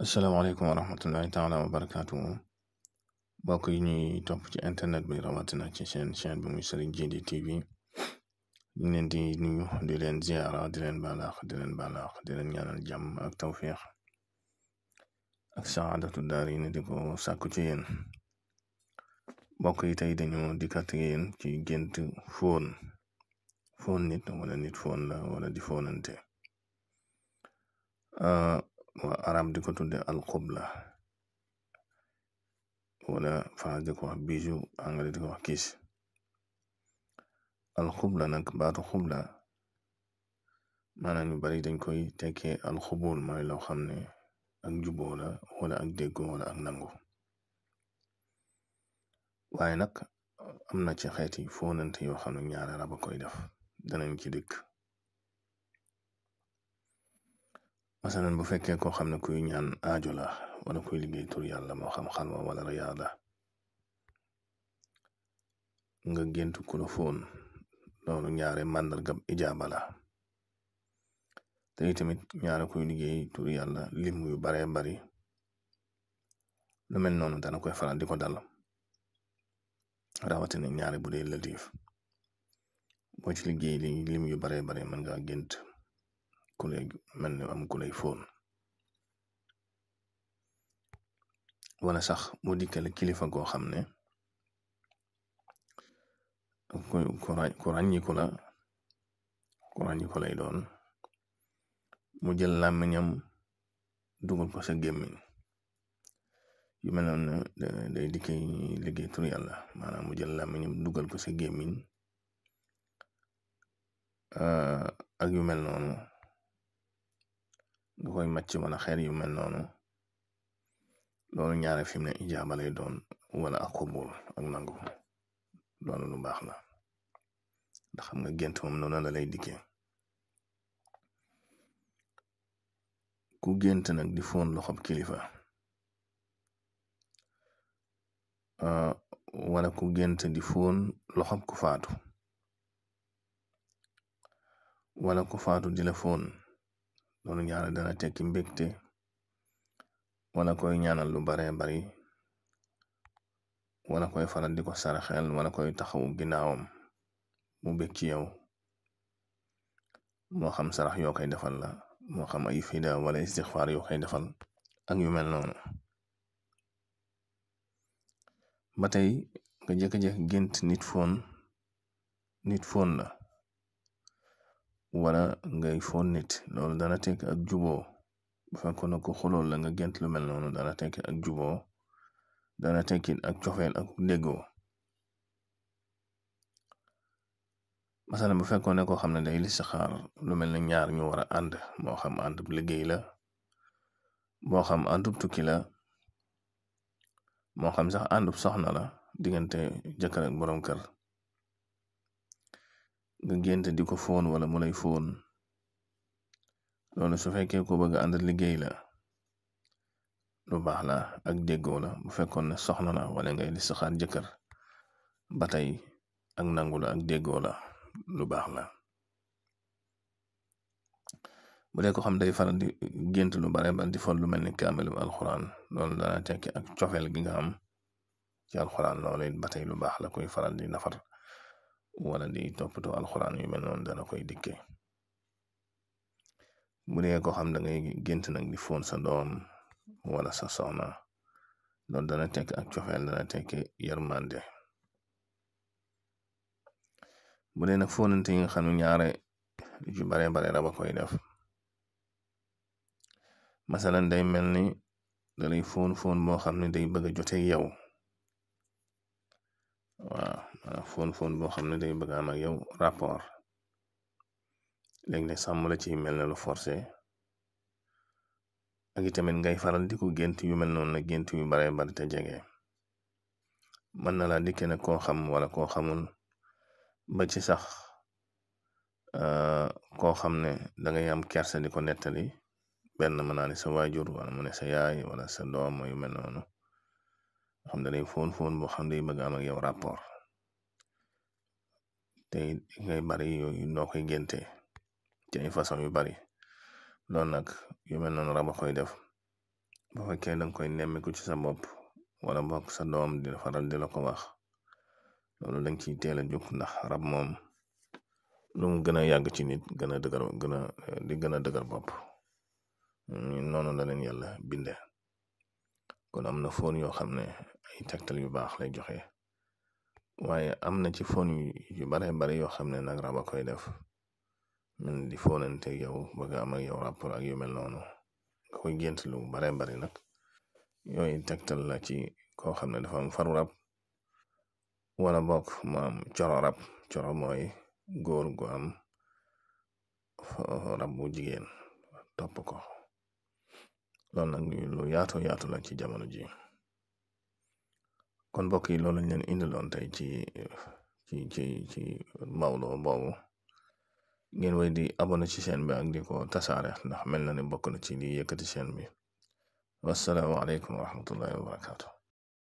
asalaamaaleykum wa rahmatullahi taala wa barakaatuhu mbokk yi ñuy topp ci internet bi rawatina ci seen chaîne bi muy Serigne Djily TV ñu leen di nuyu di leen ziara di leen balaax di leen balaax di leen ñaanal jàmm ak tawféex ak saadatu daar yi ne di ko sàkku ci yéen mbokk yi tey dañoo dikkat yéen ci gént foon foon nit wala nit foon la wala di foonante ah, waa arab di ko tudde alxubla wala France di ko wax bijou anglais di ko wax kiis alxubla nag baatu xubla maanaam ñu bari dañ koy tekkee alxubul mooy loo xam ne ak juboo la wala ak déggoo wala ak nangu waaye nag am na ci xeeti foonante yoo xam ne ñaari arab koy def danañ ci dikk masalan bu fekkee koo xam ne kuy ñaan aajo la kuy liggéey tur yàlla moo xam xalwa wala riyaada nga gént ku la fóon loolu ñaare màndargab ijaaba la te tamit ñaare kuy liggéey tur yàlla lim yu baree bari lu mel noonu dana koy faral di ko dal rawatina ñaare bu latiif boo ci liggéey li lim yu bare bari mën nga gént ku lay mel ne am ku lay fóon wala sax mu dikkale kilifa goo xam ne ku ràññiku la ku ràññiku doon mu jël làmmiñam dugal ko sa gémmiñ yu mel noonu day dikke liggéey tur yàlla maanaam mu jël làmmiñam dugal ko sa gémmiñ ah, ak yu mel noonu bu koy màcc wala xeer yu mel noonu loolu ñaare fi mu doon wala ak ak nangu loolu lu baax la ndax xam nga gént moom noonu la lay dikkee gént nag di foon loxob kilifa ah, wala ku gént di foon loxob ku faatu wala ku faatu di la foon loolu yàlla dana tekki mbégte wala koy ñaanal lu baree bari wala koy faral di ko wala koy taxawu ginnaawam mu bég ci yow moo xam sarax yoo koy defal la moo xam ay fida wala istixfaar yoo koy defal ak yu mel noonu ba tey nga jékki-jékki nit foon nit foon la wala ngay fon nit loolu dana tekk ak jubo bu fekkoon na ko xulool la nga gent lu mel noonu dana tekk ak jubo dana tekkit ak cofeel ak déggoo masalan bu fekkoon ne koo xam ne day listixaar lu mel ne ñaar ñoo war a ànd moo xam ànd bu liggéey la moo xam àndub tukki la moo xam sax àndub soxna la diggante jëkkër ak borom kër nga gént di ko foon wala mu lay foon loolu su fekkee ko bëgg ànd liggéey la lu baax la ak déggoo la bu fekkoon ne soxna la wala ngay listixaar jëkkër ba tey ak nangu la la lu baax la bu dee xam day farandi di lu bare ba di fol lu mel ni kaamilu alxuraan loolu dana tekki ak cofeel gi nga am ci alxuraan loolu it ba tey lu baax la koy faral di nafar wala di toppatoo alxuraan yu mel noonu dana koy dikke bu dee ko xam da ngay gént nag di foon sa doom wala sa soxna loolu dana tekk ak cofeel dana tekk yërmande bu dee nag foonante yi nga xam ne ñaare ju bare bare raba koy def masalan day mel ni dalay foon foon boo xam ne day bëgg a joteeg yow waw foon foon boo xam ne day bëgg am ak yow rapport léegi ne sàmm la ci mel ne lu forcé ak tamit ngay faral di ko gént yu mel noonu nag gént yu bare bari te jege mën na laa dikkee nag koo xam wala koo xamul ba ci sax euh, koo xam ne da ngay am kersa di ko nettali benn mën naa ne sa waajur wala mu sa yaay wala sa doom yu mel noonu xam ne day foon foon boo xam ne day bëgg am ak rapport. te ngay bari yooyu noo koy génte ci ay façon yu bari loolu nag yu mel noonu rab koy def bu fekkee danga koy nemmiku ci sa bopp wala bokk sa doom di faral di la ko wax loolu danga ciy teel a jóg ndax rab moom lu mu gën a yàgg ci nit gën a dëgër gën a di gën a dëgër bopp mm, noonu la leen yàlla binde kon am na foon yoo xam ne ay tegtal yu baax lay joxe waaye am na ci fon yu bare bare yoo xam ne nag rab koy def man di fonante yow bëgg am ak yow rapport ak yu mel noonu nga koy gént lu bare bari nag yooyu tegtal la ci koo xam ne dafa am faru rab wala bokk mu am coro rab coro mooy góor am rab bu jigéen topp ko loolu nag lu yaatu yaatu la ci jamono ji kon mbokk yi loolu lañ leen indiloon tey ci ci ci ci Maodo boobu ngeen way di abonné ci chaîne bi ak diko ko tasaare ndax mel na ne bokk na ci li yëkkati chaîne bi wasalaamaaleykum